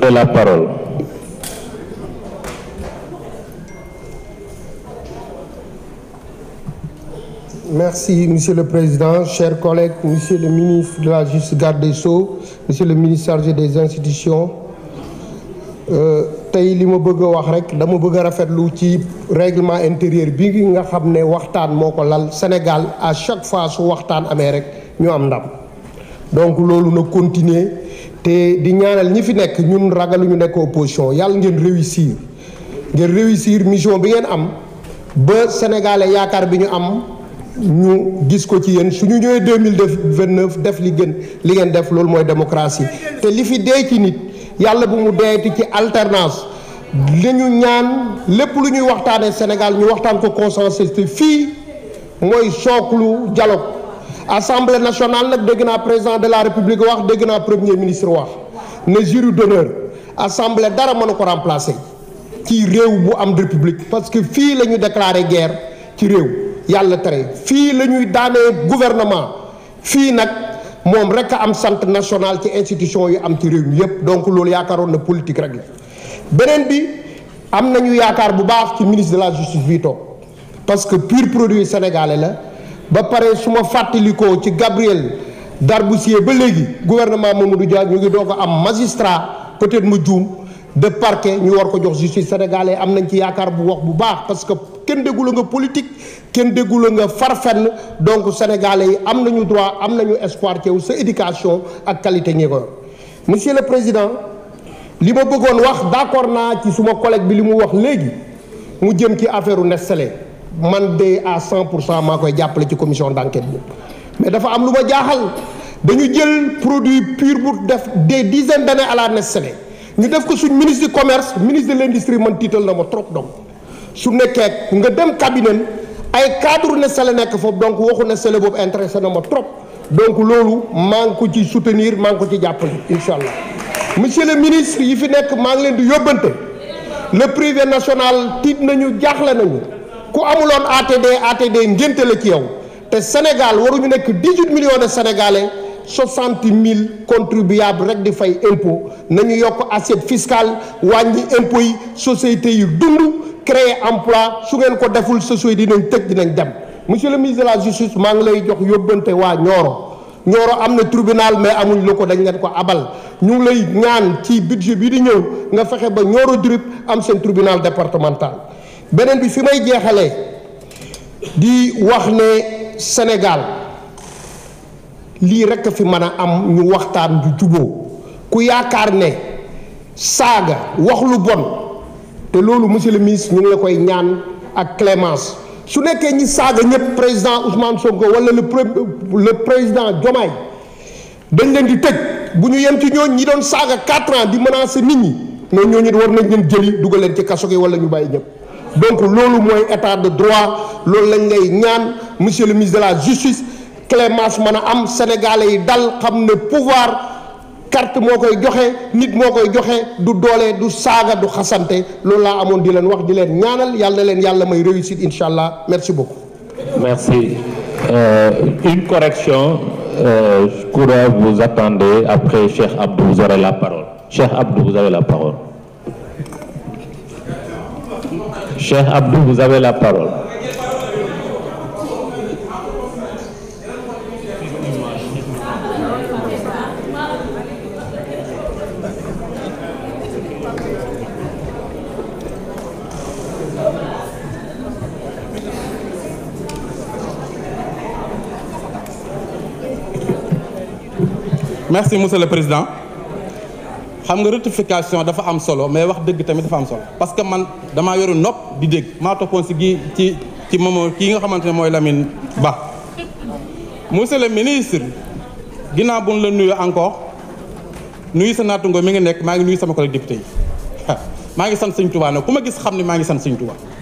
De Merci, Monsieur le Président, chers collègues, Monsieur le ministre de la Justice, garde des Sceaux, Monsieur le ministre chargé des institutions. Euh, tey li ma bëgg a wax rek dama bëgg a rafetlu ci règlement intérieur bi nga xam ne waxtaan moo ko lal Sénégal à chaque fois su waxtaan amee rek ñu am ndam. donc loolu na continuer te di ñaanal ñi fi nekk ñun ñu nekkoo opposition yàlla ngeen réussir ngeen réussir mission bi ngeen am ba sénégalais yaakaar bi ñu am ñu gis ko ci yéen suñu ñëwee deux mille vingt neuf def li gën li ngeen def loolu mooy démocratie te li fi dee ci nit yàlla bu mu deeti ci alternance li ñu ñaan lépp lu ñuy waxtaanee Sénégal ñu waxtaan ko consensus te fii mooy lu jaloo assemblée nationale nag dégg naa président de la république wax dégg naa premier ministre wax ne jury d'honneur assemblée dara mën a ko remplacer ci réew bu am république parce que fii la ñu déclaré guerre ci réew yàlla tere fii la ñuy daanee gouvernement fii nag moom rek am centre national ci institution yi am ci réew mi yépp donc loolu yaakaaroon na politique rek la beneen bi am nañu yaakaar bu baax ci ministre de la justice bii parce que pur produit sénégalais la ba pare su ma fàttalikoo ci Gabriel Darboussier ba léegi gouvernement Mamadou Dia ñu ngi doo ko am magistrat peut mu juum de parquet ñu war ko jox justice sénégalais am nañ ci yaakaar bu wax bu baax parce que kenn déggula nga politique kenn déggula nga farfenn donc sénégalais yi am nañu droit am nañu espoir ci sa éducation ak qualité ñi ko yor monsieur le président li ma bëggoon wax d'accord naa ci suma collègue bi li mu wax léegi mu jëm ci affaire u Nestlé man de à cent pour cent maa koy jàppale ci commission d' enquête bi mais dafa am lu ma jaaxal dañu jël produit pur bu def des dizaines d' années à la Nestlé ñu def ko suñ ministre du commerce ministre de l' industrie man tiital na ma trop donc su nekkee nga dem cabinet ay cadre Nestlé nekk foofu donc waxu Nestlé boobu intéressé na ma trop donc loolu maa ngi ko ci soutenir maa ngi ko ci jàppale incha allah monsieur le ministre yi fi nekk maa ngi leen di yóbbante le privé national tiit nañu jaaxle nañu. ku amuloon ATD ATD ngénte la ci yow te Sénégal waruñu nekk dix-huit million de sénégalais soixante mille contribuables rek di fay impôt nañu yokk assiette fiscale wàññi impôt yi société yu dund créer emploi su ngeen ko deful société dinañ tëj dinañ dem monsieur le ministre de la maa ngi lay jox yóbbante waa Nioro Nioro am na tribunal mais amuñ lu ko dañ leen ko abal ñu ngi lay ñaan ci budget bi di ñëw nga fexe ba Nioro Durib am seen tribunal départemental beneen bi fi may jeexale di wax ne Sénégal lii rekk fi mën a am ñu waxtaan ju juboo ku yaakaar ne saaga wax lu bon te loolu monsieur le ministre ñu ngi la koy ñaan ak clémence su nekkee ñi saaga ñëpp président Ousmane Sonko wala le le président Diomaye dañ leen di tëj bu ñu yem ci ñooñ ñi doon saaga quatre ans di menacer nit ñi mais ñooñu war nañ leen jëli dugal leen ci kaso gi wala ñu bàyyi ñëpp. donc loolu mooy état de droit loolu lañ lay ñaan monsieur le ministre de la justice clémence mën a am sénégalais yi dal xam ne pouvoir carte moo koy joxe nit moo koy joxe du doole du saaga du xasante loolu laa amoon di leen wax di leen ñaanal yàlla leen yàlla may réussite incha allah merci beaucoup. merci euh, une correction euh, Koura vous attendez après Cheikh Abdou vous la parole Cheikh Abdou vous la parole. Cheikh Abdou, vous avez la parole. Merci, Monsieur le Président. xam nga rectification dafa am solo mais wax dëgg tamit dafa am solo parce que man damaa yoru nopp di dégg maa toppoon si gi ci ci momo kii nga xamante ne mooy Lamine Ba monsieur le ministre ginnaaw bu ñu la nuyu encore nuyu sa naatungo mi ngi nekk maa ngi nuyu sama collègue député yi maa ngi sant Sëñ Tuubaa nag ku ma gis xam ni maa ngi sant Sëñ Tuubaa